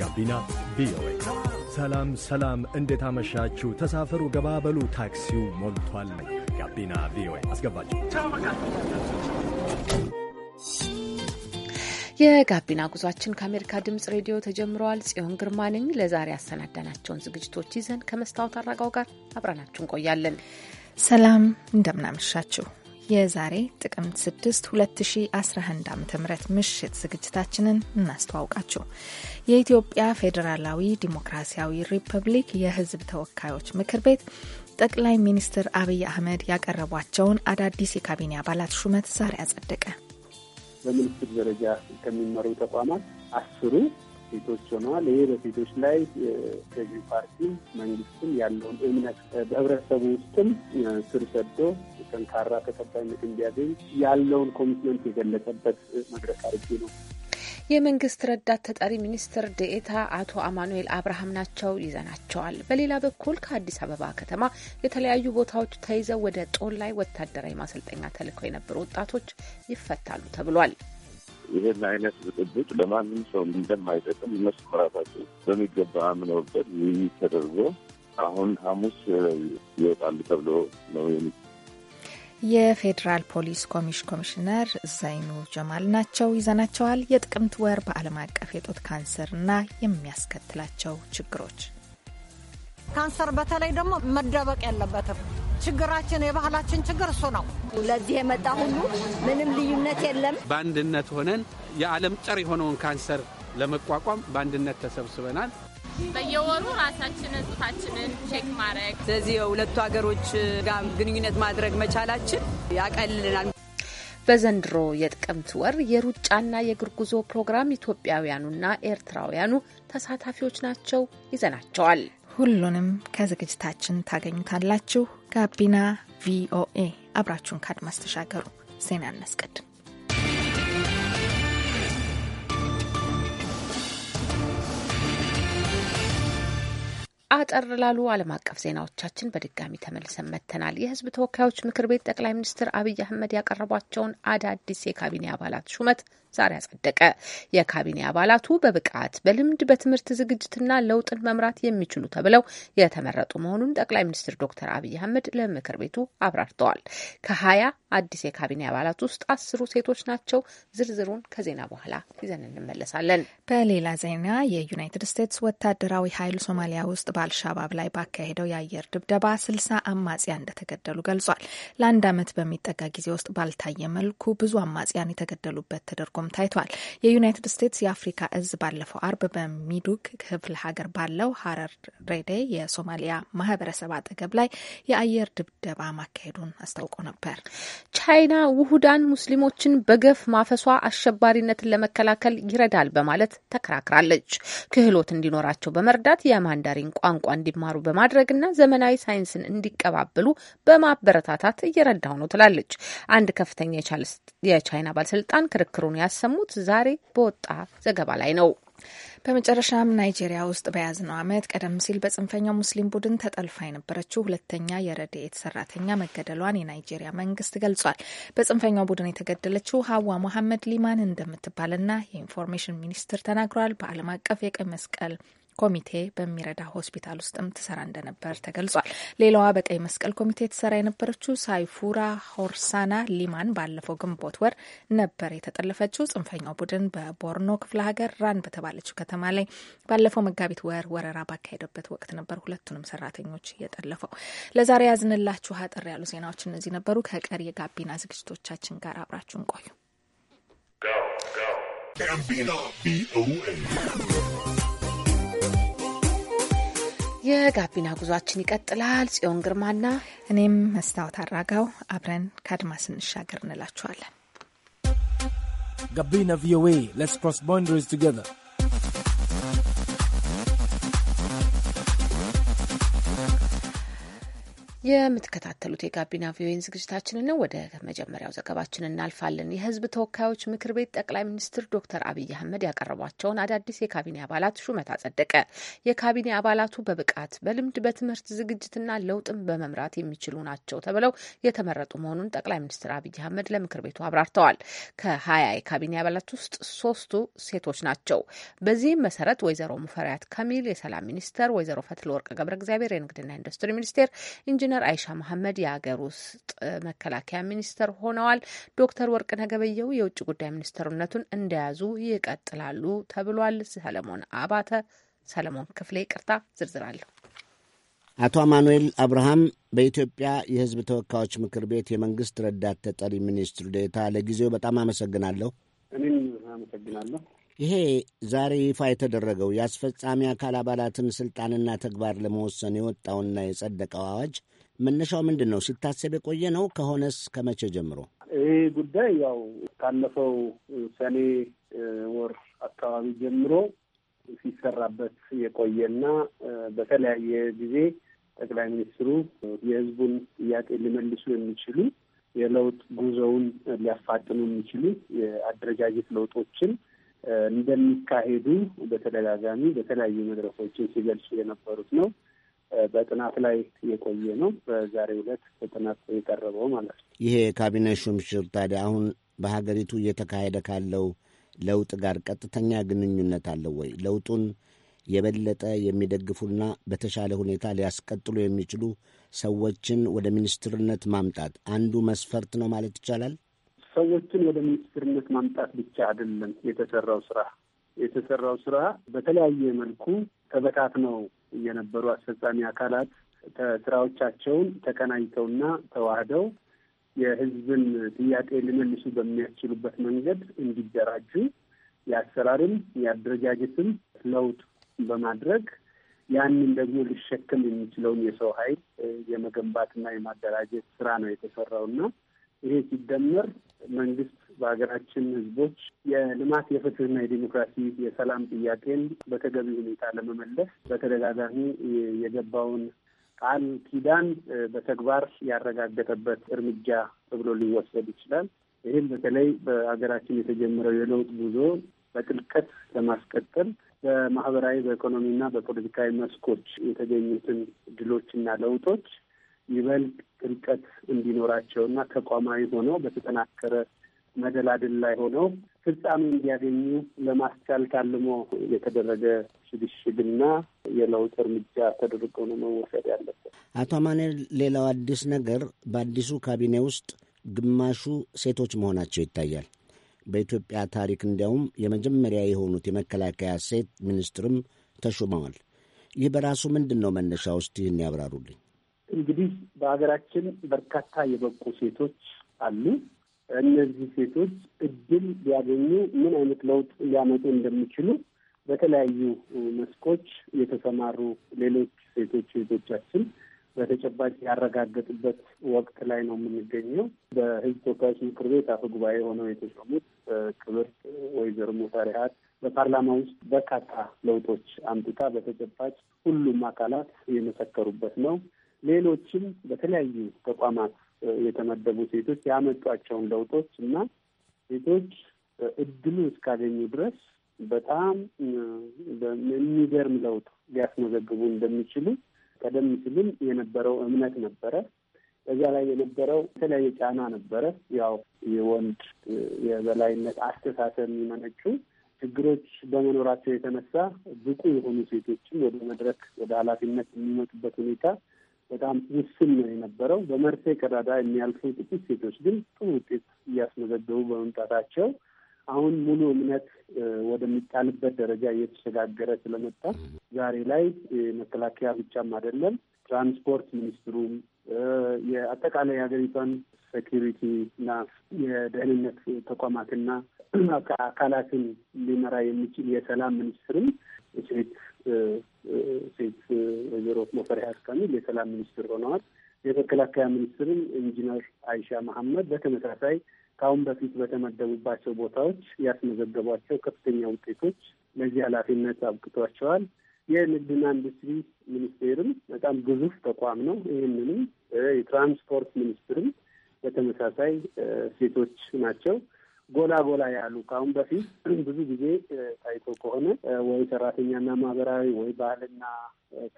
ጋቢና ቪኦኤ። ሰላም ሰላም፣ እንዴት አመሻችሁ? ተሳፈሩ፣ ገባበሉ፣ ታክሲው ሞልቷል። ጋቢና ቪኦኤ አስገባችሁ። የጋቢና ጉዟችን ከአሜሪካ ድምጽ ሬዲዮ ተጀምረዋል። ጽዮን ግርማ ነኝ። ለዛሬ ያሰናዳናቸውን ዝግጅቶች ይዘን ከመስታወት አረጋው ጋር አብረናችሁ እንቆያለን። ሰላም፣ እንደምናመሻችሁ የዛሬ ጥቅምት 6 2011 ዓ ም ምሽት ዝግጅታችንን እናስተዋውቃችሁ። የኢትዮጵያ ፌዴራላዊ ዲሞክራሲያዊ ሪፐብሊክ የሕዝብ ተወካዮች ምክር ቤት ጠቅላይ ሚኒስትር አብይ አህመድ ያቀረቧቸውን አዳዲስ የካቢኔ አባላት ሹመት ዛሬ አጸደቀ። በሚኒስትር ደረጃ ከሚመሩ ተቋማት አስሩ ሴቶች ሆነዋል። ይሄ በሴቶች ላይ ገዢ ፓርቲ መንግስትም ያለውን እምነት በህብረተሰቡ ውስጥም ስር ሰዶ ጠንካራ ተቀባይነት እንዲያገኝ ያለውን ኮሚትመንት የገለጸበት መድረክ አድርጌ ነው። የመንግስት ረዳት ተጠሪ ሚኒስትር ዴኤታ አቶ አማኑኤል አብርሃም ናቸው ይዘናቸዋል። በሌላ በኩል ከአዲስ አበባ ከተማ የተለያዩ ቦታዎች ተይዘው ወደ ጦላይ ወታደራዊ ማሰልጠኛ ተልከው የነበሩ ወጣቶች ይፈታሉ ተብሏል። ይህን አይነት ብጥብጥ ለማንም ሰው እንደማይጠቅም እነሱ ራሳቸው በሚገባ አምነውበት ውይይት ተደርጎ አሁን ሐሙስ ይወጣሉ ተብሎ ነው የሚ የፌዴራል ፖሊስ ኮሚሽ ኮሚሽነር ዘይኑ ጀማል ናቸው። ይዘናቸዋል። የጥቅምት ወር በዓለም አቀፍ የጡት ካንሰርና የሚያስከትላቸው ችግሮች ካንሰር በተለይ ደግሞ መደበቅ የለበትም። ችግራችን የባህላችን ችግር እሱ ነው። ለዚህ የመጣ ሁሉ ምንም ልዩነት የለም። በአንድነት ሆነን የዓለም ጭር የሆነውን ካንሰር ለመቋቋም በአንድነት ተሰብስበናል። በየወሩ ራሳችንን ጡታችንን ቼክ ማድረግ፣ ስለዚህ የሁለቱ ሀገሮች ጋር ግንኙነት ማድረግ መቻላችን ያቀልልናል። በዘንድሮ የጥቅምት ወር የሩጫና የእግር ጉዞ ፕሮግራም ኢትዮጵያውያኑና ኤርትራውያኑ ተሳታፊዎች ናቸው። ይዘናቸዋል። ሁሉንም ከዝግጅታችን ታገኙታላችሁ። ጋቢና ቪኦኤ አብራችሁን ከአድማስ ተሻገሩ። ዜና እናስቀድም። አጠር ላሉ ዓለም አቀፍ ዜናዎቻችን በድጋሚ ተመልሰን መጥተናል። የሕዝብ ተወካዮች ምክር ቤት ጠቅላይ ሚኒስትር አብይ አህመድ ያቀረቧቸውን አዳዲስ የካቢኔ አባላት ሹመት ዛሬ አጸደቀ። የካቢኔ አባላቱ በብቃት በልምድ በትምህርት ዝግጅትና ለውጥን መምራት የሚችሉ ተብለው የተመረጡ መሆኑን ጠቅላይ ሚኒስትር ዶክተር አብይ አህመድ ለምክር ቤቱ አብራርተዋል። ከሀያ አዲስ የካቢኔ አባላት ውስጥ አስሩ ሴቶች ናቸው። ዝርዝሩን ከዜና በኋላ ይዘን እንመለሳለን። በሌላ ዜና የዩናይትድ ስቴትስ ወታደራዊ ኃይል ሶማሊያ ውስጥ በአልሻባብ ላይ ባካሄደው የአየር ድብደባ ስልሳ አማጽያን እንደተገደሉ ገልጿል። ለአንድ ዓመት በሚጠጋ ጊዜ ውስጥ ባልታየ መልኩ ብዙ አማጽያን የተገደሉበት ተደርጎም ሲሆንም ታይቷል። የዩናይትድ ስቴትስ የአፍሪካ እዝ ባለፈው አርብ በሚዱግ ክፍለ ሀገር ባለው ሀረር ሬዴ የሶማሊያ ማህበረሰብ አጠገብ ላይ የአየር ድብደባ ማካሄዱን አስታውቆ ነበር። ቻይና ውሁዳን ሙስሊሞችን በገፍ ማፈሷ አሸባሪነትን ለመከላከል ይረዳል በማለት ተከራክራለች። ክህሎት እንዲኖራቸው በመርዳት የማንዳሪን ቋንቋ እንዲማሩ በማድረግና ዘመናዊ ሳይንስን እንዲቀባበሉ በማበረታታት እየረዳው ነው ትላለች። አንድ ከፍተኛ የቻይና ባለስልጣን ክርክሩን ያሰሙት ዛሬ በወጣ ዘገባ ላይ ነው። በመጨረሻም ናይጄሪያ ውስጥ በያዝነው ዓመት ቀደም ሲል በጽንፈኛው ሙስሊም ቡድን ተጠልፋ የነበረችው ሁለተኛ የረድኤት ሰራተኛ መገደሏን የናይጄሪያ መንግስት ገልጿል። በጽንፈኛው ቡድን የተገደለችው ሀዋ መሐመድ ሊማን እንደምትባልና የኢንፎርሜሽን ሚኒስትር ተናግሯል። በዓለም አቀፍ የቀይ መስቀል ኮሚቴ በሚረዳ ሆስፒታል ውስጥም ትሰራ እንደነበር ተገልጿል። ሌላዋ በቀይ መስቀል ኮሚቴ ትሰራ የነበረችው ሳይፉራ ሆርሳና ሊማን ባለፈው ግንቦት ወር ነበር የተጠለፈችው። ጽንፈኛው ቡድን በቦርኖ ክፍለ ሀገር ራን በተባለችው ከተማ ላይ ባለፈው መጋቢት ወር ወረራ ባካሄደበት ወቅት ነበር ሁለቱንም ሰራተኞች የጠለፈው። ለዛሬ ያዝንላችሁ አጠር ያሉ ዜናዎች እነዚህ ነበሩ። ከቀሪ የጋቢና ዝግጅቶቻችን ጋር አብራችሁን ቆዩ። የጋቢና ጉዟችን ይቀጥላል። ጽዮን ግርማና እኔም መስታወት አራጋው አብረን ከአድማስ እንሻገር እንላችኋለን። ጋቢና ቪኦኤ ስ ፕሮስ ባውንደሪስ ቱገር የምትከታተሉት የጋቢና ቪኦኤን ዝግጅታችንን ነው። ወደ መጀመሪያው ዘገባችን እናልፋለን። የህዝብ ተወካዮች ምክር ቤት ጠቅላይ ሚኒስትር ዶክተር አብይ አህመድ ያቀረቧቸውን አዳዲስ የካቢኔ አባላት ሹመት አጸደቀ። የካቢኔ አባላቱ በብቃት በልምድ በትምህርት ዝግጅትና ለውጥን በመምራት የሚችሉ ናቸው ተብለው የተመረጡ መሆኑን ጠቅላይ ሚኒስትር አብይ አህመድ ለምክር ቤቱ አብራርተዋል። ከሀያ የካቢኔ አባላት ውስጥ ሶስቱ ሴቶች ናቸው። በዚህም መሰረት ወይዘሮ ሙፈሪያት ከሚል የሰላም ሚኒስተር፣ ወይዘሮ ፈትለወርቅ ገብረ እግዚአብሔር የንግድና ኢንዱስትሪ ሚኒስቴር ኢንጂነር አይሻ መሐመድ የሀገር ውስጥ መከላከያ ሚኒስተር ሆነዋል። ዶክተር ወርቅነህ ገበየሁ የውጭ ጉዳይ ሚኒስትርነቱን እንደያዙ ይቀጥላሉ ተብሏል። ሰለሞን አባተ ሰለሞን ክፍሌ ቅርታ ዝርዝራለሁ። አቶ አማኑኤል አብርሃም በኢትዮጵያ የሕዝብ ተወካዮች ምክር ቤት የመንግስት ረዳት ተጠሪ ሚኒስትር ዴታ፣ ለጊዜው በጣም አመሰግናለሁ። እኔም አመሰግናለሁ። ይሄ ዛሬ ይፋ የተደረገው የአስፈጻሚ አካል አባላትን ስልጣንና ተግባር ለመወሰን የወጣውና የጸደቀው አዋጅ መነሻው ምንድን ነው? ሲታሰብ የቆየ ነው ከሆነስ ከመቼ ጀምሮ? ይህ ጉዳይ ያው ካለፈው ሰኔ ወር አካባቢ ጀምሮ ሲሰራበት የቆየና በተለያየ ጊዜ ጠቅላይ ሚኒስትሩ የሕዝቡን ጥያቄ ሊመልሱ የሚችሉ የለውጥ ጉዞውን ሊያፋጥኑ የሚችሉ የአደረጃጀት ለውጦችን እንደሚካሄዱ በተደጋጋሚ በተለያዩ መድረኮችን ሲገልጹ የነበሩት ነው። በጥናት ላይ የቆየ ነው። በዛሬው ዕለት በጥናት የቀረበው ማለት ነው። ይሄ የካቢኔ ሹምሽር ታዲያ አሁን በሀገሪቱ እየተካሄደ ካለው ለውጥ ጋር ቀጥተኛ ግንኙነት አለው ወይ? ለውጡን የበለጠ የሚደግፉና በተሻለ ሁኔታ ሊያስቀጥሉ የሚችሉ ሰዎችን ወደ ሚኒስትርነት ማምጣት አንዱ መስፈርት ነው ማለት ይቻላል። ሰዎችን ወደ ሚኒስትርነት ማምጣት ብቻ አይደለም የተሰራው ስራ የተሰራው ስራ በተለያየ መልኩ ተበታትነው የነበሩ አስፈጻሚ አካላት ስራዎቻቸውን ተቀናጅተውና ተዋህደው የህዝብን ጥያቄ ሊመልሱ በሚያስችሉበት መንገድ እንዲደራጁ የአሰራርም የአደረጃጀትም ለውጥ በማድረግ ያንን ደግሞ ሊሸከም የሚችለውን የሰው ኃይል የመገንባትና የማደራጀት ስራ ነው የተሰራውና ይሄ ሲደመር መንግስት በሀገራችን ህዝቦች የልማት የፍትህና የዲሞክራሲ የሰላም ጥያቄን በተገቢ ሁኔታ ለመመለስ በተደጋጋሚ የገባውን ቃል ኪዳን በተግባር ያረጋገጠበት እርምጃ ተብሎ ሊወሰድ ይችላል። ይህም በተለይ በሀገራችን የተጀመረው የለውጥ ጉዞ በጥልቀት ለማስቀጠል በማህበራዊ በኢኮኖሚና በፖለቲካዊ መስኮች የተገኙትን ድሎችና ለውጦች ይበልጥ ጥልቀት እንዲኖራቸው እና ተቋማዊ ሆነው በተጠናከረ መደላድል ላይ ሆነው ፍጻሜ እንዲያገኙ ለማስቻል ታልሞ የተደረገ ሽግሽግና የለውጥ እርምጃ ተደርጎ ነው መወሰድ ያለበት። አቶ አማኔል፣ ሌላው አዲስ ነገር በአዲሱ ካቢኔ ውስጥ ግማሹ ሴቶች መሆናቸው ይታያል። በኢትዮጵያ ታሪክ እንዲያውም የመጀመሪያ የሆኑት የመከላከያ ሴት ሚኒስትርም ተሹመዋል። ይህ በራሱ ምንድን ነው መነሻ ውስጥ ይህን ያብራሩልኝ። እንግዲህ በሀገራችን በርካታ የበቁ ሴቶች አሉ። እነዚህ ሴቶች እድል ሊያገኙ ምን አይነት ለውጥ ሊያመጡ እንደሚችሉ በተለያዩ መስኮች የተሰማሩ ሌሎች ሴቶች ሴቶቻችን በተጨባጭ ያረጋገጡበት ወቅት ላይ ነው የምንገኘው። በሕዝብ ተወካዮች ምክር ቤት አፈ ጉባኤ ሆነው የተሾሙት ክብር ወይዘሮ ሙፈሪሃት በፓርላማ ውስጥ በርካታ ለውጦች አምጥታ በተጨባጭ ሁሉም አካላት የመሰከሩበት ነው። ሌሎችም በተለያዩ ተቋማት የተመደቡ ሴቶች ያመጧቸውን ለውጦች እና ሴቶች እድሉ እስካገኙ ድረስ በጣም የሚገርም ለውጥ ሊያስመዘግቡ እንደሚችሉ ቀደም ሲልም የነበረው እምነት ነበረ። በዚያ ላይ የነበረው የተለያየ ጫና ነበረ። ያው የወንድ የበላይነት አስተሳሰብ የሚመነጩ ችግሮች በመኖራቸው የተነሳ ብቁ የሆኑ ሴቶችም ወደ መድረክ ወደ ኃላፊነት የሚመጡበት ሁኔታ በጣም ውስን ነው የነበረው። በመርፌ ቀዳዳ የሚያልፉ ጥቂት ሴቶች ግን ጥሩ ውጤት እያስመዘገቡ በመምጣታቸው አሁን ሙሉ እምነት ወደሚጣልበት ደረጃ እየተሸጋገረ ስለመጣ ዛሬ ላይ መከላከያ ብቻም አይደለም ትራንስፖርት ሚኒስትሩም የአጠቃላይ ሀገሪቷን ሴኪሪቲ እና የደህንነት ተቋማትና አካላትን ሊመራ የሚችል የሰላም ሚኒስትርም ስሪት ሴት ወይዘሮ ሙፈሪያት ካሚል የሰላም ሚኒስትር ሆነዋል። የመከላከያ ሚኒስትርም ኢንጂነር አይሻ መሐመድ በተመሳሳይ ከአሁን በፊት በተመደቡባቸው ቦታዎች ያስመዘገቧቸው ከፍተኛ ውጤቶች ለዚህ ኃላፊነት አብቅቷቸዋል። የንግድና ኢንዱስትሪ ሚኒስቴርም በጣም ግዙፍ ተቋም ነው። ይህንንም የትራንስፖርት ሚኒስትርም በተመሳሳይ ሴቶች ናቸው። ጎላ ጎላ ያሉ ከአሁን በፊት ብዙ ጊዜ ታይቶ ከሆነ ወይ ሰራተኛና ማህበራዊ ወይ ባህልና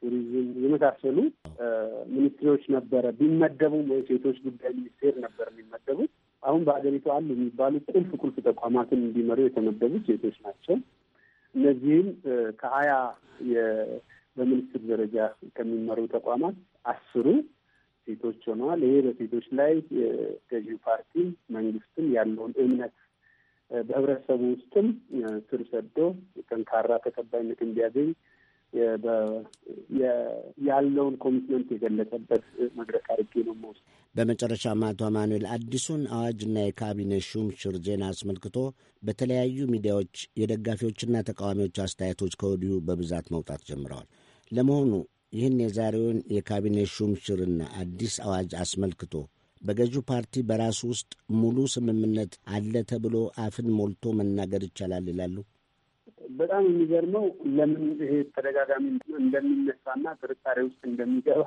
ቱሪዝም የመሳሰሉ ሚኒስትሪዎች ነበረ ቢመደቡም ወይ ሴቶች ጉዳይ ሚኒስቴር ነበር የሚመደቡት። አሁን በሀገሪቱ አሉ የሚባሉ ቁልፍ ቁልፍ ተቋማትን እንዲመሩ የተመደቡት ሴቶች ናቸው። እነዚህም ከሀያ በሚኒስትር ደረጃ ከሚመሩ ተቋማት አስሩ ሴቶች ሆነዋል። ይሄ በሴቶች ላይ ገዢ ፓርቲ መንግስትም ያለውን እምነት በህብረተሰቡ ውስጥም ስር ሰዶ ጠንካራ ተቀባይነት እንዲያገኝ ያለውን ኮሚትመንት የገለጸበት መድረክ አድርጌ ነው መውስ በመጨረሻም አቶ አማኑኤል አዲሱን አዋጅና የካቢኔ ሹም ሽር ዜና አስመልክቶ በተለያዩ ሚዲያዎች የደጋፊዎችና ተቃዋሚዎች አስተያየቶች ከወዲሁ በብዛት መውጣት ጀምረዋል። ለመሆኑ ይህን የዛሬውን የካቢኔ ሹምሽርና አዲስ አዋጅ አስመልክቶ በገዢው ፓርቲ በራሱ ውስጥ ሙሉ ስምምነት አለ ተብሎ አፍን ሞልቶ መናገር ይቻላል ይላሉ። በጣም የሚገርመው ለምን ይሄ ተደጋጋሚ እንደሚነሳና ጥርጣሬ ውስጥ እንደሚገባ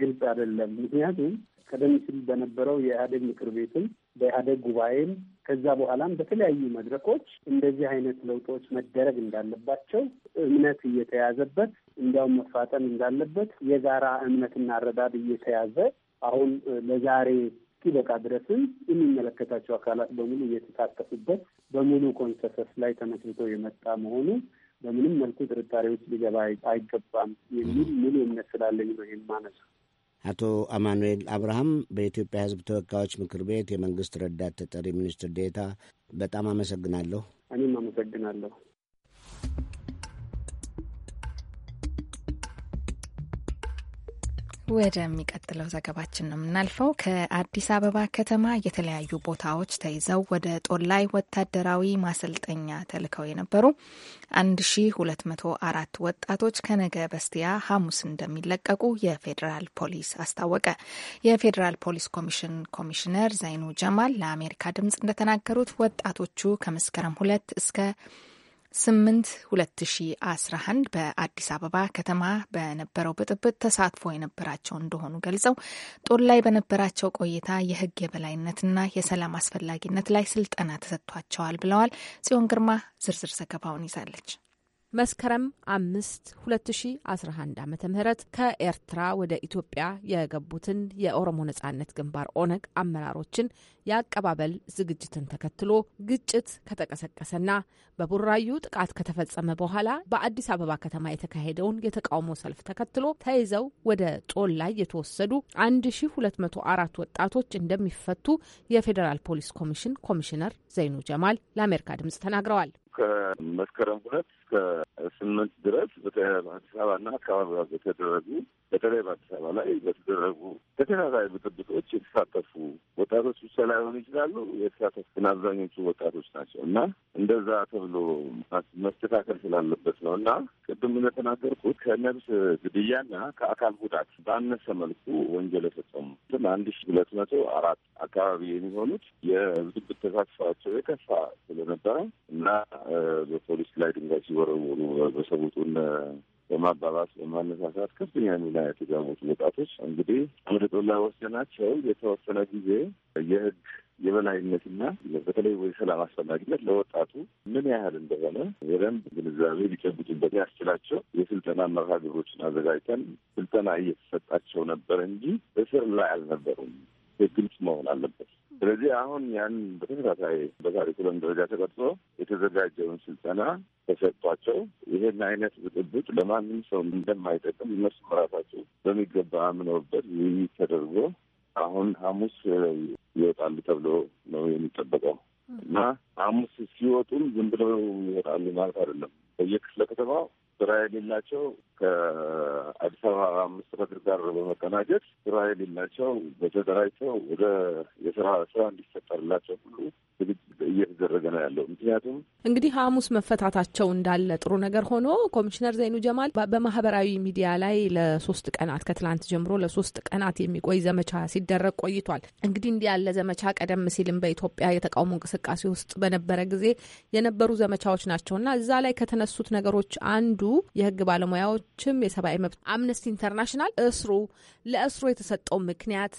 ግልጽ አይደለም። ምክንያቱም ቀደም ሲል በነበረው የኢህአዴግ ምክር ቤትም በኢህአዴግ ጉባኤም ከዛ በኋላም በተለያዩ መድረኮች እንደዚህ አይነት ለውጦች መደረግ እንዳለባቸው እምነት እየተያዘበት እንዲያውም መፋጠን እንዳለበት የጋራ እምነትና አረዳድ እየተያዘ አሁን ለዛሬ እስኪበቃ ድረስም የሚመለከታቸው አካላት በሙሉ እየተሳተፉበት በሙሉ ኮንሰንሰስ ላይ ተመስርቶ የመጣ መሆኑ በምንም መልኩ ጥርጣሬ ሊገባ አይገባም የሚል ሙሉ እምነት ስላለኝ ነው ይህን ማነሳ አቶ አማኑኤል አብርሃም በኢትዮጵያ ሕዝብ ተወካዮች ምክር ቤት የመንግስት ረዳት ተጠሪ ሚኒስትር ዴታ፣ በጣም አመሰግናለሁ። እኔም አመሰግናለሁ። ወደሚቀጥለው ዘገባችን ነው የምናልፈው። ከአዲስ አበባ ከተማ የተለያዩ ቦታዎች ተይዘው ወደ ጦላይ ወታደራዊ ማሰልጠኛ ተልከው የነበሩ 1204 ወጣቶች ከነገ በስቲያ ሐሙስ እንደሚለቀቁ የፌዴራል ፖሊስ አስታወቀ። የፌዴራል ፖሊስ ኮሚሽን ኮሚሽነር ዘይኑ ጀማል ለአሜሪካ ድምጽ እንደተናገሩት ወጣቶቹ ከመስከረም ሁለት እስከ ስምንት ሁለት ሺ አስራ አንድ በአዲስ አበባ ከተማ በነበረው ብጥብጥ ተሳትፎ የነበራቸው እንደሆኑ ገልጸው ጦር ላይ በነበራቸው ቆይታ የሕግ የበላይነትና የሰላም አስፈላጊነት ላይ ስልጠና ተሰጥቷቸዋል ብለዋል። ጽዮን ግርማ ዝርዝር ዘገባውን ይዛለች። መስከረም አምስት ሁለት ሺ አስራ አንድ ምህረት ከኤርትራ ወደ ኢትዮጵያ የገቡትን የኦሮሞ ነጻነት ግንባር ኦነግ አመራሮችን የአቀባበል ዝግጅትን ተከትሎ ግጭት ከተቀሰቀሰና በቡራዩ ጥቃት ከተፈጸመ በኋላ በአዲስ አበባ ከተማ የተካሄደውን የተቃውሞ ሰልፍ ተከትሎ ተይዘው ወደ ጦል ላይ የተወሰዱ 1204 ወጣቶች እንደሚፈቱ የፌዴራል ፖሊስ ኮሚሽን ኮሚሽነር ዘይኑ ጀማል ለአሜሪካ ድምጽ ተናግረዋል። ከመስከረም ሁለት እስከ ስምንት ድረስ በአዲስ አበባና አካባቢ በተደረጉ በተለይ በአዲስ አበባ ላይ በተደረጉ ተከታታይ ብጥብጦች የተሳተፉ ወጣቶች ብቻ ላይሆኑ ይችላሉ። የተሳተፉትን አብዛኞቹ ወጣቶች ናቸው እና እንደዛ ተብሎ መስተካከል ስላለበት ነው እና ቅድም እንደተናገርኩት ከነብስ ግድያና ከአካል ጉዳት በአነሰ መልኩ ወንጀል የፈጸሙ አንድ ሺ ሁለት መቶ አራት አካባቢ የሚሆኑት የብጥብጥ ተሳትፏቸው የከፋ ስለነበረ እና በፖሊስ ላይ ድንጋይ ሲወረወሩ በሰቡጡን የማባባስ የማነሳሳት ከፍተኛ ሚና የተጫወቱ ወጣቶች እንግዲህ ወደ ወሰናቸው የተወሰነ ጊዜ የህግ የበላይነትና በተለይ ሰላም አስፈላጊነት ለወጣቱ ምን ያህል እንደሆነ በደንብ ግንዛቤ ሊጨብጡበት ያስችላቸው የስልጠና መርሃ ግብሮችን አዘጋጅተን ስልጠና እየተሰጣቸው ነበር እንጂ እስር ላይ አልነበሩም። ግልጽ መሆን አለበት። ስለዚህ አሁን ያን በተከታታይ በካሪኩለም ደረጃ ተቀርጾ የተዘጋጀውን ስልጠና ተሰጥቷቸው ይህን አይነት ብጥብጥ ለማንም ሰው እንደማይጠቅም እነሱ ራሳቸው በሚገባ አምነውበት ውይይት ተደርጎ አሁን ሐሙስ ይወጣሉ ተብሎ ነው የሚጠበቀው እና ሐሙስ ሲወጡም ዝም ብለው ይወጣሉ ማለት አይደለም። በየክፍለ ከተማው ስራ የሌላቸው ከአዲስ አበባ አምስት በድር ጋር በመቀናጀት ስራ የሌላቸው በተደራጅተው ወደ የስራ ስራ እንዲፈጠርላቸው ሁሉ እየተደረገ ነው ያለው። ምክንያቱም እንግዲህ ሐሙስ መፈታታቸው እንዳለ ጥሩ ነገር ሆኖ ኮሚሽነር ዘይኑ ጀማል በማህበራዊ ሚዲያ ላይ ለሶስት ቀናት ከትላንት ጀምሮ ለሶስት ቀናት የሚቆይ ዘመቻ ሲደረግ ቆይቷል። እንግዲህ እንዲህ ያለ ዘመቻ ቀደም ሲልም በኢትዮጵያ የተቃውሞ እንቅስቃሴ ውስጥ በነበረ ጊዜ የነበሩ ዘመቻዎች ናቸውና እዛ ላይ ከተነሱት ነገሮች አንዱ የህግ ባለሙያዎች ሌሎችም የሰብአዊ መብት አምነስቲ ኢንተርናሽናል እስሩ ለእስሩ የተሰጠው ምክንያት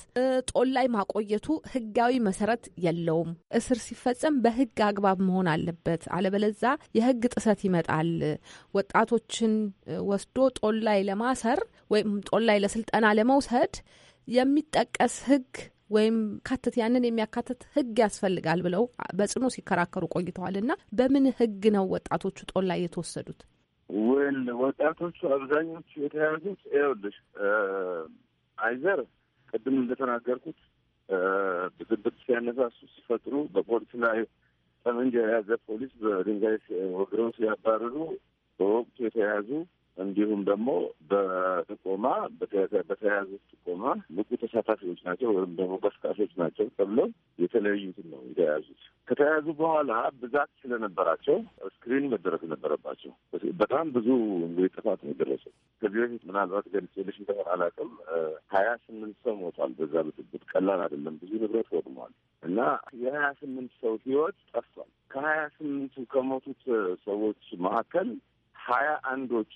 ጦል ላይ ማቆየቱ ህጋዊ መሰረት የለውም። እስር ሲፈጸም በህግ አግባብ መሆን አለበት፣ አለበለዛ የህግ ጥሰት ይመጣል። ወጣቶችን ወስዶ ጦል ላይ ለማሰር ወይም ጦል ላይ ለስልጠና ለመውሰድ የሚጠቀስ ህግ ወይም ካትት ያንን የሚያካትት ህግ ያስፈልጋል ብለው በጽኑ ሲከራከሩ ቆይተዋል። እና በምን ህግ ነው ወጣቶቹ ጦል ላይ የተወሰዱት? ወል ወጣቶቹ አብዛኞቹ የተያዙት ይኸውልሽ አይዘር ቅድም እንደተናገርኩት ብጥብጥ ሲያነሳሱ ሲፈጥሩ በፖሊስ ላይ ጠመንጃ የያዘ ፖሊስ በድንጋይ ወግረው ሲያባርሩ በወቅቱ የተያዙ እንዲሁም ደግሞ በጥቆማ በተያያዙት ጥቆማ ንቁ ተሳታፊዎች ናቸው ወይም ደግሞ ቀስቃሾች ናቸው ተብለው የተለያዩትን ነው የተያያዙት። ከተያያዙ በኋላ ብዛት ስለነበራቸው ስክሪን መደረግ ነበረባቸው። በጣም ብዙ እንግዲህ ጥፋት ነው የደረሰው። ከዚህ በፊት ምናልባት ገልጬልሽ እንደሆነ አላውቅም። ሀያ ስምንት ሰው ሞቷል። በዛ ብጥብጥ ቀላል አይደለም። ብዙ ንብረት ወድሟል እና የሀያ ስምንት ሰው ህይወት ጠፍቷል። ከሀያ ስምንቱ ከሞቱት ሰዎች መካከል ሀያ አንዶቹ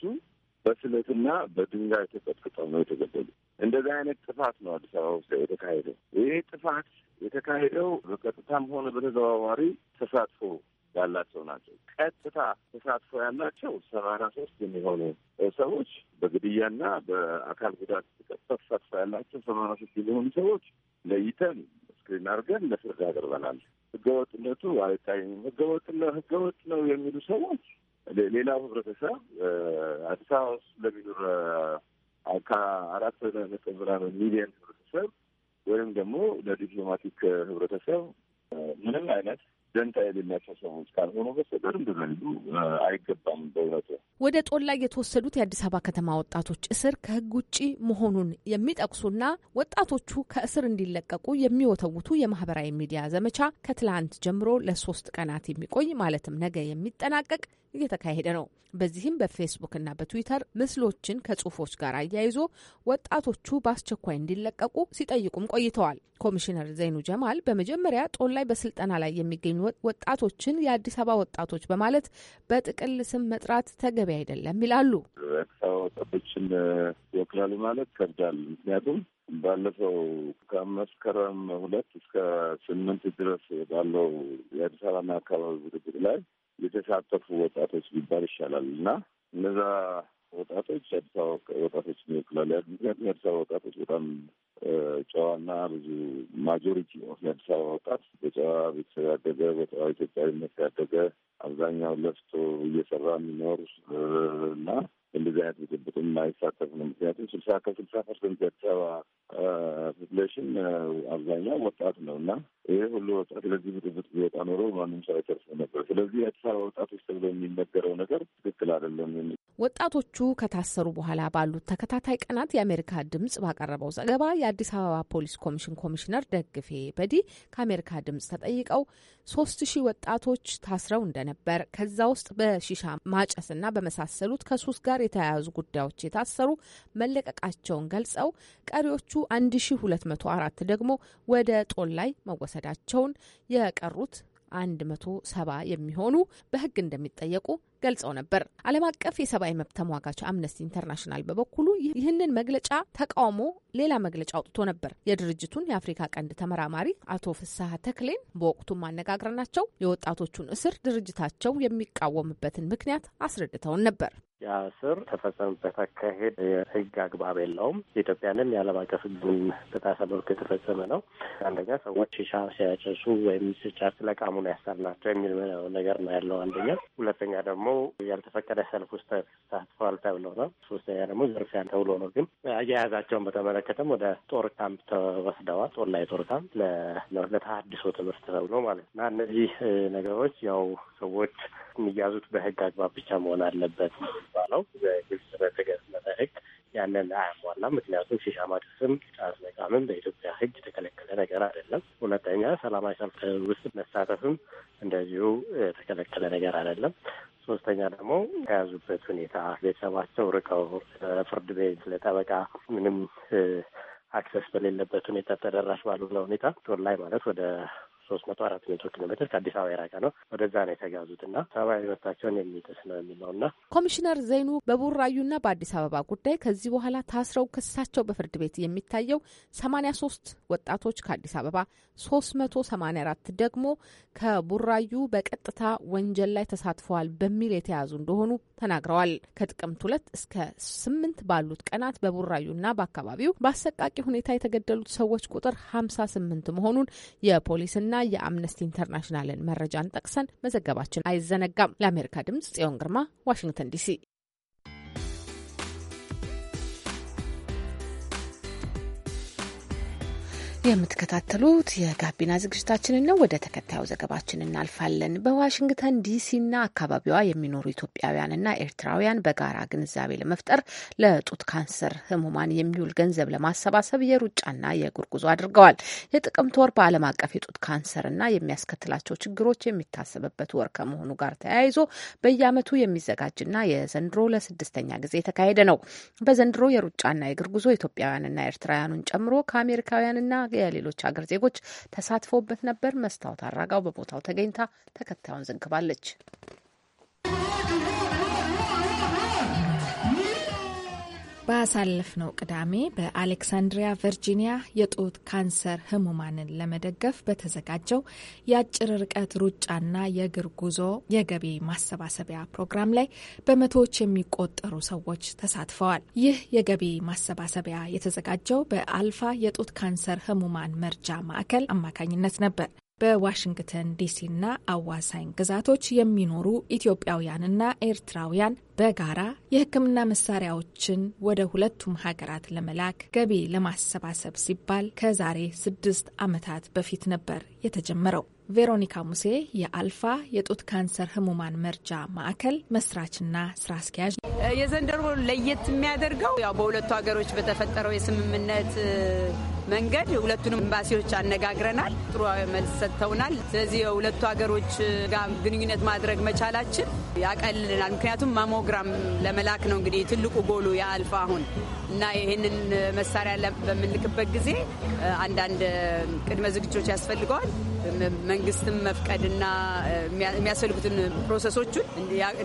በስለትና በድንጋይ ተቀጥቅጠው ነው የተገደሉ። እንደዚህ አይነት ጥፋት ነው አዲስ አበባ ውስጥ የተካሄደው። ይህ ጥፋት የተካሄደው በቀጥታም ሆነ በተዘዋዋሪ ተሳትፎ ያላቸው ናቸው። ቀጥታ ተሳትፎ ያላቸው ሰማንያ ሶስት የሚሆኑ ሰዎች በግድያና በአካል ጉዳት ተሳትፎ ያላቸው ሰማንያ ሶስት የሚሆኑ ሰዎች ለይተን ስክሪን አድርገን ለፍርድ አቅርበናል። ህገወጥነቱ አይታይም። ህገወጥ ነው፣ ህገወጥ ነው የሚሉ ሰዎች ሌላው ህብረተሰብ አዲስ አበባ ውስጥ ለሚኖር ከአራት ነጥብ ምናምን ሚሊየን ህብረተሰብ ወይም ደግሞ ለዲፕሎማቲክ ህብረተሰብ ምንም አይነት ደንታ የሌላቸው ሰዎች ካልሆኑ በስተቀር እንዲረዱ አይገባም። በእውነቱ ወደ ጦላ የተወሰዱት የአዲስ አበባ ከተማ ወጣቶች እስር ከህግ ውጭ መሆኑን የሚጠቅሱና ወጣቶቹ ከእስር እንዲለቀቁ የሚወተውቱ የማህበራዊ ሚዲያ ዘመቻ ከትላንት ጀምሮ ለሶስት ቀናት የሚቆይ ማለትም ነገ የሚጠናቀቅ እየተካሄደ ነው። በዚህም በፌስቡክ እና በትዊተር ምስሎችን ከጽሁፎች ጋር አያይዞ ወጣቶቹ በአስቸኳይ እንዲለቀቁ ሲጠይቁም ቆይተዋል። ኮሚሽነር ዘይኑ ጀማል በመጀመሪያ ጦን ላይ በስልጠና ላይ የሚገኙ ወጣቶችን የአዲስ አበባ ወጣቶች በማለት በጥቅል ስም መጥራት ተገቢ አይደለም ይላሉ። ወጣቶችን ይወክላሉ ማለት ከብዳል። ምክንያቱም ባለፈው ከመስከረም ሁለት እስከ ስምንት ድረስ ባለው የአዲስ አበባና አካባቢ ውድድር ላይ የተሳተፉ ወጣቶች ሊባል ይሻላል እና እነዛ ወጣቶች አዲስ አበባ ወጣቶች ይወክላል። ምክንያቱም የአዲስ አበባ ወጣቶች በጣም ጨዋና ብዙ ማጆሪቲ ነው። የአዲስ አበባ ወጣት በጨዋ ቤተሰብ ያደገ በጨዋ ኢትዮጵያዊነት ያደገ አብዛኛው ለፍቶ እየሰራ የሚኖር እና እንደዚህ አይነት ብጥብጥም የማይሳተፍ ነው። ምክንያቱም ስልሳ ከስልሳ ፐርሰንት የአዲስ አበባ ፖፕሌሽን አብዛኛው ወጣት ነው እና ይሄ ሁሉ ወጣት ለዚህ ብጥብጥ ቢወጣ ኖሮ ማንም ሰው አይተርፍ ነበር። ስለዚህ የአዲስ አበባ ወጣቶች ተብሎ የሚነገረው ነገር ትክክል አይደለም። ወጣቶቹ ከታሰሩ በኋላ ባሉት ተከታታይ ቀናት የአሜሪካ ድምጽ ባቀረበው ዘገባ የአዲስ አበባ ፖሊስ ኮሚሽን ኮሚሽነር ደግፌ በዲ ከአሜሪካ ድምጽ ተጠይቀው ሶስት ሺህ ወጣቶች ታስረው እንደነበር ከዛ ውስጥ በሺሻ ማጨስና በመሳሰሉት ከሱስ ጋር የተያያዙ ጉዳዮች የታሰሩ መለቀቃቸውን ገልጸው ቀሪዎቹ 1204 ደግሞ ወደ ጦል ላይ መወሰዳቸውን የቀሩት 170 የሚሆኑ በሕግ እንደሚጠየቁ ገልጸው ነበር። ዓለም አቀፍ የሰብአዊ መብት ተሟጋች አምነስቲ ኢንተርናሽናል በበኩሉ ይህንን መግለጫ ተቃውሞ ሌላ መግለጫ አውጥቶ ነበር። የድርጅቱን የአፍሪካ ቀንድ ተመራማሪ አቶ ፍስሐ ተክሌን በወቅቱም አነጋግረናቸው የወጣቶቹን እስር ድርጅታቸው የሚቃወምበትን ምክንያት አስረድተውን ነበር። ያ እስር ተፈጸመበት አካሄድ የህግ አግባብ የለውም። ኢትዮጵያንም የዓለም አቀፍ ህግን በጣሰ መልኩ የተፈጸመ ነው። አንደኛ ሰዎች ሻ ሲያጨሱ ወይም ሲጫት ለቃሙን ያሳል ናቸው የሚል ነገር ነው ያለው አንደኛ። ሁለተኛ ደግሞ ያልተፈቀደ ሰልፍ ውስጥ ተሳትፈዋል ተብሎ ነው። ሶስተኛ ደግሞ ዘርፊያን ተብሎ ነው። ግን አያያዛቸውን በተመለከተም ወደ ጦር ካምፕ ተወስደዋል። ጦር ላይ ጦር ካምፕ ለተሀድሶ ትምህርት ተብሎ ማለት እና እነዚህ ነገሮች ያው ሰዎች የሚያዙት በህግ አግባብ ብቻ መሆን አለበት። የሚባለው በግልጽ በተገለጸ ሕግ ያንን አያሟላም። ምክንያቱም ሺሻ ማጨስም ጫት መቃምም በኢትዮጵያ ህግ የተከለከለ ነገር አይደለም። ሁለተኛ ሰላማዊ ሰልፍ ውስጥ መሳተፍም እንደዚሁ የተከለከለ ነገር አይደለም። ሶስተኛ ደግሞ ከያዙበት ሁኔታ ቤተሰባቸው ርቀው ፍርድ ቤት ለጠበቃ ምንም አክሰስ በሌለበት ሁኔታ ተደራሽ ባልሆነ ሁኔታ ጦር ላይ ማለት ወደ ሶስት መቶ አራት መቶ ኪሎ ሜትር ከአዲስ አበባ የራቀ ነው። ወደዛ ነው የተጋዙት እና ሰብአዊ መብታቸውን የሚጥስ ነው የሚለው እና ኮሚሽነር ዘይኑ በቡራዩና በአዲስ አበባ ጉዳይ ከዚህ በኋላ ታስረው ክሳቸው በፍርድ ቤት የሚታየው ሰማኒያ ሶስት ወጣቶች ከአዲስ አበባ ሶስት መቶ ሰማኒያ አራት ደግሞ ከቡራዩ በቀጥታ ወንጀል ላይ ተሳትፈዋል በሚል የተያዙ እንደሆኑ ተናግረዋል። ከጥቅምት ሁለት እስከ ስምንት ባሉት ቀናት በቡራዩና በአካባቢው በአሰቃቂ ሁኔታ የተገደሉት ሰዎች ቁጥር ሀምሳ ስምንት መሆኑን የፖሊስና የአምነስቲ ኢንተርናሽናልን መረጃን ጠቅሰን መዘገባችን አይዘነጋም። ለአሜሪካ ድምጽ ጽዮን ግርማ ዋሽንግተን ዲሲ። የምትከታተሉት የጋቢና ዝግጅታችንን ነው። ወደ ተከታዩ ዘገባችን እናልፋለን። በዋሽንግተን ዲሲና አካባቢዋ የሚኖሩ ኢትዮጵያውያንና ኤርትራውያን በጋራ ግንዛቤ ለመፍጠር ለጡት ካንሰር ህሙማን የሚውል ገንዘብ ለማሰባሰብ የሩጫና የእግር ጉዞ አድርገዋል። የጥቅምት ወር በዓለም አቀፍ የጡት ካንሰርና የሚያስከትላቸው ችግሮች የሚታሰብበት ወር ከመሆኑ ጋር ተያይዞ በየዓመቱ የሚዘጋጅና የዘንድሮ ለስድስተኛ ጊዜ የተካሄደ ነው። በዘንድሮ የሩጫና የእግር ጉዞ ኢትዮጵያውያንና ኤርትራውያኑን ጨምሮ ከአሜሪካውያንና የሌሎች ሀገር ዜጎች ተሳትፎበት ነበር። መስታወት አራጋው በቦታው ተገኝታ ተከታዩን ዘግባለች። ባሳለፍነው ቅዳሜ በአሌክሳንድሪያ ቨርጂኒያ የጡት ካንሰር ህሙማንን ለመደገፍ በተዘጋጀው የአጭር ርቀት ሩጫና የእግር ጉዞ የገቢ ማሰባሰቢያ ፕሮግራም ላይ በመቶዎች የሚቆጠሩ ሰዎች ተሳትፈዋል። ይህ የገቢ ማሰባሰቢያ የተዘጋጀው በአልፋ የጡት ካንሰር ህሙማን መርጃ ማዕከል አማካኝነት ነበር። በዋሽንግተን ዲሲና አዋሳኝ ግዛቶች የሚኖሩ ኢትዮጵያውያንና ኤርትራውያን በጋራ የሕክምና መሳሪያዎችን ወደ ሁለቱም ሀገራት ለመላክ ገቢ ለማሰባሰብ ሲባል ከዛሬ ስድስት ዓመታት በፊት ነበር የተጀመረው። ቬሮኒካ ሙሴ የአልፋ የጡት ካንሰር ህሙማን መርጃ ማዕከል መስራችና ስራ አስኪያጅ ነው። የዘንድሮ ለየት የሚያደርገው ያው በሁለቱ ሀገሮች በተፈጠረው የስምምነት መንገድ ሁለቱንም ኤምባሲዎች አነጋግረናል። ጥሩ መልስ ሰጥተውናል። ስለዚህ የሁለቱ ሀገሮች ጋር ግንኙነት ማድረግ መቻላችን ያቀልልናል። ምክንያቱም ማሞግራም ለመላክ ነው እንግዲህ ትልቁ ጎሉ የአልፋ አሁን እና ይህንን መሳሪያ በምንልክበት ጊዜ አንዳንድ ቅድመ ዝግጅቶች ያስፈልገዋል። መንግስትም መፍቀድና የሚያስፈልጉትን ፕሮሰሶቹን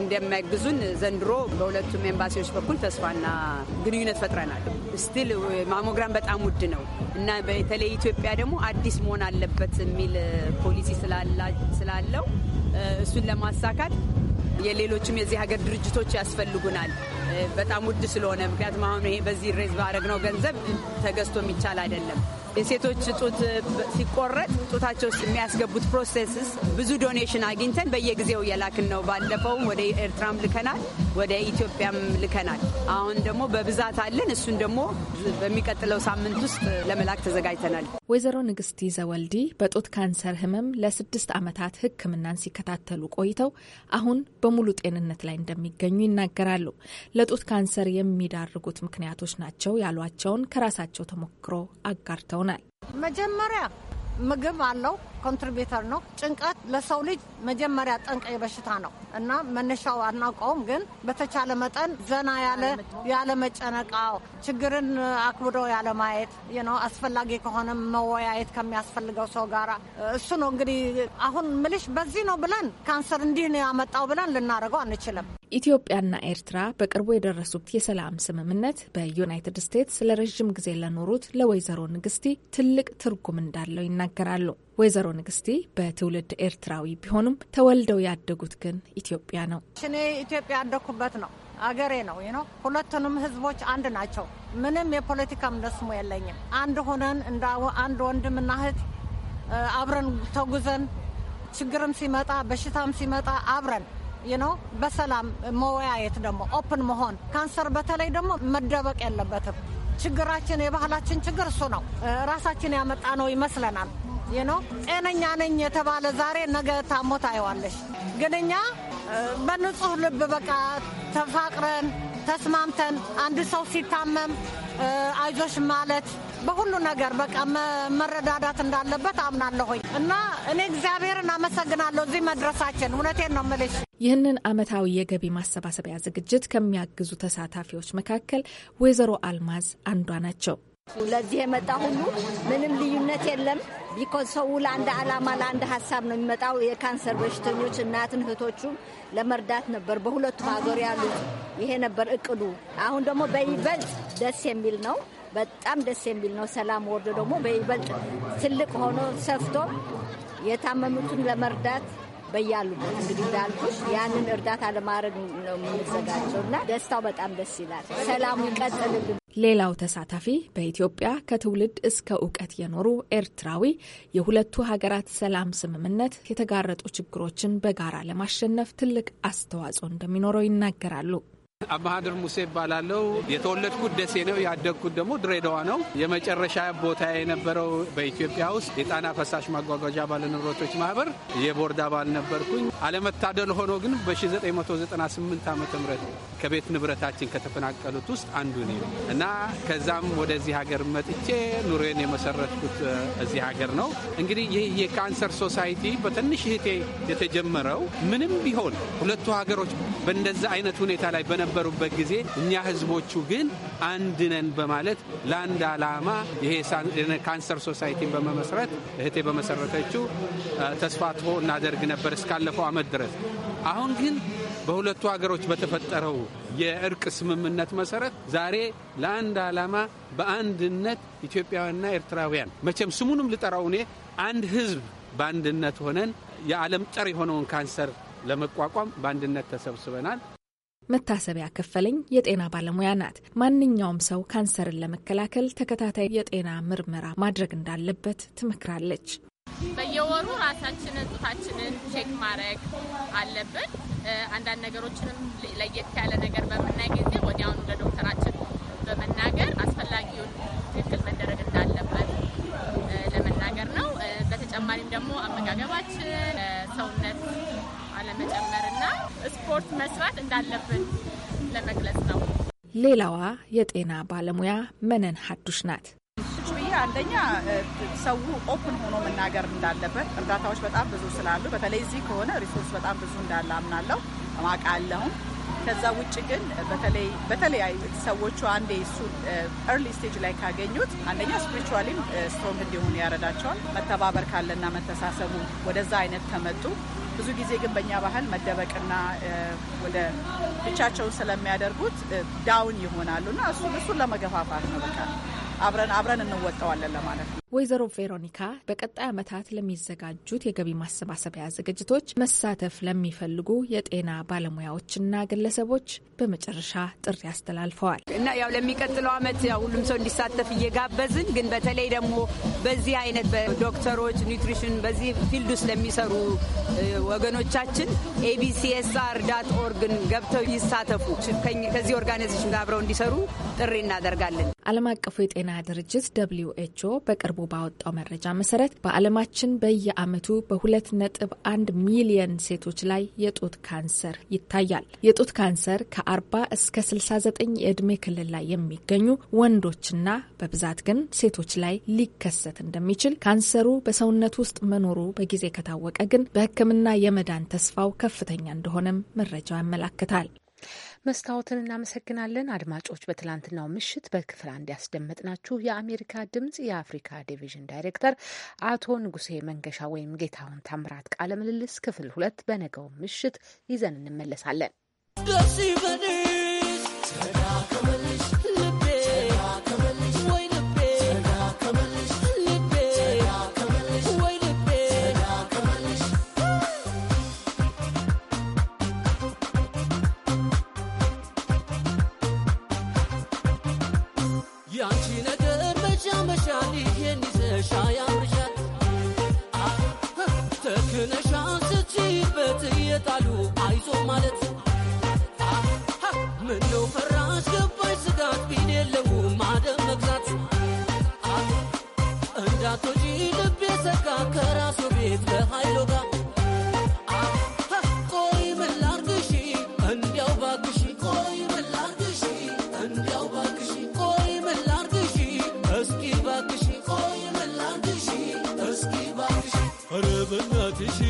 እንደሚያግዙን ዘንድሮ በሁለቱም ኤምባሲዎች በኩል ተስፋና ግንኙነት ፈጥረናል። ስቲል ማሞግራም በጣም ውድ ነው እና በተለይ ኢትዮጵያ ደግሞ አዲስ መሆን አለበት የሚል ፖሊሲ ስላለው እሱን ለማሳካት የሌሎችም የዚህ ሀገር ድርጅቶች ያስፈልጉናል። በጣም ውድ ስለሆነ ምክንያቱም አሁን ይሄ በዚህ ሬዝ ባረግነው ገንዘብ ተገዝቶ የሚቻል አይደለም። የሴቶች ጡት ሲቆረጥ ጡታቸው ውስጥ የሚያስገቡት ፕሮሴስስ ብዙ ዶኔሽን አግኝተን በየጊዜው የላክን ነው። ባለፈውም ወደ ኤርትራም ልከናል፣ ወደ ኢትዮጵያም ልከናል። አሁን ደግሞ በብዛት አለን። እሱን ደግሞ በሚቀጥለው ሳምንት ውስጥ ለመላክ ተዘጋጅተናል። ወይዘሮ ንግስቲ ዘወልዲ በጡት ካንሰር ህመም ለስድስት ዓመታት ሕክምናን ሲከታተሉ ቆይተው አሁን በሙሉ ጤንነት ላይ እንደሚገኙ ይናገራሉ። ለጡት ካንሰር የሚዳርጉት ምክንያቶች ናቸው ያሏቸውን ከራሳቸው ተሞክሮ አጋርተው አጫውተውናል። መጀመሪያ ምግብ አለው ኮንትሪቢተር ነው። ጭንቀት ለሰው ልጅ መጀመሪያ ጠንቅ በሽታ ነው እና መነሻው አናውቀውም፣ ግን በተቻለ መጠን ዘና ያለ መጨነቃ፣ ችግርን አክብዶ ያለ ማየት አስፈላጊ ከሆነ መወያየት ከሚያስፈልገው ሰው ጋር እሱ ነው እንግዲህ አሁን ምልሽ በዚህ ነው ብለን ካንሰር እንዲህ ነው ያመጣው ብለን ልናደርገው አንችልም። ኢትዮጵያና ኤርትራ በቅርቡ የደረሱት የሰላም ስምምነት በዩናይትድ ስቴትስ ለረዥም ጊዜ ለኖሩት ለወይዘሮ ንግስቲ ትልቅ ትርጉም እንዳለው ይናገራሉ። ወይዘሮ ንግስቴ በትውልድ ኤርትራዊ ቢሆኑም ተወልደው ያደጉት ግን ኢትዮጵያ ነው። እኔ ኢትዮጵያ ያደኩበት ነው አገሬ ነው ነው። ሁለቱንም ህዝቦች አንድ ናቸው። ምንም የፖለቲካ ደስሞ የለኝም። አንድ ሆነን እንደ አንድ ወንድምና እህት አብረን ተጉዘን ችግርም ሲመጣ በሽታም ሲመጣ አብረን ነው በሰላም መወያየት ደግሞ ኦፕን መሆን ካንሰር በተለይ ደግሞ መደበቅ የለበትም። ችግራችን የባህላችን ችግር እሱ ነው። ራሳችን ያመጣ ነው ይመስለናል። ነው። ጤነኛ ነኝ የተባለ ዛሬ ነገ ታሞ ታየዋለሽ። ግን እኛ በንጹህ ልብ በቃ ተፋቅረን ተስማምተን አንድ ሰው ሲታመም አይዞሽ ማለት በሁሉ ነገር በቃ መረዳዳት እንዳለበት አምናለሁኝ እና እኔ እግዚአብሔርን አመሰግናለሁ እዚህ መድረሳችን። እውነቴን ነው የምልሽ። ይህንን ዓመታዊ የገቢ ማሰባሰቢያ ዝግጅት ከሚያግዙ ተሳታፊዎች መካከል ወይዘሮ አልማዝ አንዷ ናቸው። ለዚህ የመጣ ሁሉ ምንም ልዩነት የለም። ቢኮዝ ሰው ለአንድ ዓላማ ለአንድ ሀሳብ ነው የሚመጣው። የካንሰር በሽተኞች እናትን እህቶቹ ለመርዳት ነበር በሁለቱም ሀገር ያሉት። ይሄ ነበር እቅዱ። አሁን ደግሞ በይበልጥ ደስ የሚል ነው። በጣም ደስ የሚል ነው። ሰላም ወርዶ ደግሞ በይበልጥ ትልቅ ሆኖ ሰፍቶ የታመሙትን ለመርዳት በያሉበት እንግዲህ እንዳልኩሽ ያንን እርዳታ ለማድረግ ነው የምንዘጋጀው እና ደስታው በጣም ደስ ይላል። ሰላሙ ይቀጥልልን። ሌላው ተሳታፊ በኢትዮጵያ ከትውልድ እስከ እውቀት የኖሩ ኤርትራዊ የሁለቱ ሀገራት ሰላም ስምምነት የተጋረጡ ችግሮችን በጋራ ለማሸነፍ ትልቅ አስተዋጽኦ እንደሚኖረው ይናገራሉ። አማሃድር ሙሴ ይባላለው። የተወለድኩት ደሴ ነው፣ ያደግኩት ደግሞ ድሬዳዋ ነው። የመጨረሻ ቦታ የነበረው በኢትዮጵያ ውስጥ የጣና ፈሳሽ ማጓጓዣ ባለንብረቶች ማህበር የቦርድ አባል ነበርኩኝ። አለመታደል ሆኖ ግን በ1998 ዓ ም ከቤት ንብረታችን ከተፈናቀሉት ውስጥ አንዱ ነኝ እና ከዛም ወደዚህ ሀገር መጥቼ ኑሮዬን የመሰረትኩት እዚህ ሀገር ነው። እንግዲህ ይህ የካንሰር ሶሳይቲ በትንሽ እህቴ የተጀመረው ምንም ቢሆን ሁለቱ ሀገሮች በእንደዛ አይነት ሁኔታ ላይ በነበሩበት ጊዜ እኛ ህዝቦቹ ግን አንድ ነን በማለት ለአንድ ዓላማ ይሄ ካንሰር ሶሳይቲን በመመስረት እህቴ በመሰረተችው ተስፋትፎ እናደርግ ነበር እስካለፈው አመት ድረስ። አሁን ግን በሁለቱ ሀገሮች በተፈጠረው የእርቅ ስምምነት መሰረት ዛሬ ለአንድ ዓላማ በአንድነት ኢትዮጵያውያንና ኤርትራውያን መቼም ስሙንም ልጠራው እኔ አንድ ህዝብ በአንድነት ሆነን የዓለም ጠር የሆነውን ካንሰር ለመቋቋም በአንድነት ተሰብስበናል። መታሰቢያ ከፈለኝ የጤና ባለሙያ ናት። ማንኛውም ሰው ካንሰርን ለመከላከል ተከታታይ የጤና ምርመራ ማድረግ እንዳለበት ትመክራለች። በየወሩ ራሳችንን ጡታችንን ቼክ ማድረግ አለብን። አንዳንድ ነገሮችንም ለየት ያለ ነገር በምናይ ጊዜ ወዲያውኑ ወደ ስፖርት መስራት እንዳለብን ለመግለጽ ነው። ሌላዋ የጤና ባለሙያ መነን ሀዱሽ ናት። ብዬ አንደኛ ሰው ኦፕን ሆኖ መናገር እንዳለበት እርዳታዎች በጣም ብዙ ስላሉ በተለይ እዚህ ከሆነ ሪሶርስ በጣም ብዙ እንዳለ አምናለሁ እማውቃለሁም። ከዛ ውጭ ግን በተለይ በተለያዩ ሰዎቹ አንዴ እሱ ኤርሊ ስቴጅ ላይ ካገኙት አንደኛ ስፒሪቹዋሊም ስትሮንግ እንዲሆኑ ያረዳቸዋል። መተባበር ካለና መተሳሰቡ ወደዛ አይነት ከመጡ ብዙ ጊዜ ግን በእኛ ባህል መደበቅና ወደ ብቻቸውን ስለሚያደርጉት ዳውን ይሆናሉ እና እሱን ለመገፋፋት ነው በቃ አብረን አብረን እንወጣዋለን ለማለት ነው። ወይዘሮ ቬሮኒካ በቀጣይ ዓመታት ለሚዘጋጁት የገቢ ማሰባሰቢያ ዝግጅቶች መሳተፍ ለሚፈልጉ የጤና ባለሙያዎችና ግለሰቦች በመጨረሻ ጥሪ አስተላልፈዋል እና ያው ለሚቀጥለው ዓመት ሁሉም ሰው እንዲሳተፍ እየጋበዝን ግን በተለይ ደግሞ በዚህ አይነት በዶክተሮች ኒውትሪሽን በዚህ ፊልድ ውስጥ ለሚሰሩ ወገኖቻችን ኤቢሲኤስአር ዳት ኦርግን ገብተው ይሳተፉ ከዚህ ኦርጋናይዜሽን ጋር አብረው እንዲሰሩ ጥሪ እናደርጋለን። ዓለም አቀፉ የጤና ድርጅት ደብሊው ኤች ኦ በቅርቡ ባወጣው መረጃ መሰረት በዓለማችን በየዓመቱ በሁለት ነጥብ አንድ ሚሊየን ሴቶች ላይ የጡት ካንሰር ይታያል። የጡት ካንሰር ከ40 እስከ 69 የዕድሜ ክልል ላይ የሚገኙ ወንዶችና በብዛት ግን ሴቶች ላይ ሊከሰት እንደሚችል ካንሰሩ በሰውነት ውስጥ መኖሩ በጊዜ ከታወቀ ግን በሕክምና የመዳን ተስፋው ከፍተኛ እንደሆነም መረጃው ያመላክታል። መስታወትን እናመሰግናለን። አድማጮች በትላንትናው ምሽት በክፍል አንድ ያስደመጥናችሁ የአሜሪካ ድምጽ የአፍሪካ ዲቪዥን ዳይሬክተር አቶ ንጉሴ መንገሻ ወይም ጌታሁን ታምራት ቃለ ምልልስ ክፍል ሁለት በነገው ምሽት ይዘን እንመለሳለን። ከራሱ ቤት ከኃይሉ ጋር She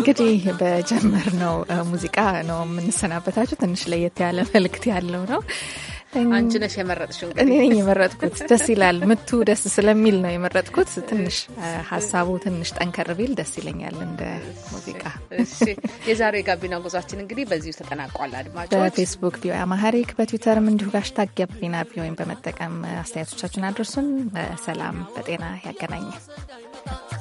እንግዲህ በጀመር ነው ሙዚቃ ነው የምንሰናበታችሁ። ትንሽ ለየት ያለ መልእክት ያለው ነው። አንቺ ነሽ የመረጥሽው? እኔ ነኝ የመረጥኩት። ደስ ይላል። ምቱ ደስ ስለሚል ነው የመረጥኩት። ትንሽ ሀሳቡ ትንሽ ጠንከር ቢል ደስ ይለኛል እንደ ሙዚቃ። የዛሬ ጋቢና ጉዟችን እንግዲህ በዚሁ ተጠናቋል። አድማጮች በፌስቡክ ቪኦኤ አማሃሪክ በትዊተርም እንዲሁ ሃሽታግ ጋቢና ቪኦኤን በመጠቀም አስተያየቶቻችን አድርሱን። በሰላም በጤና ያገናኛል።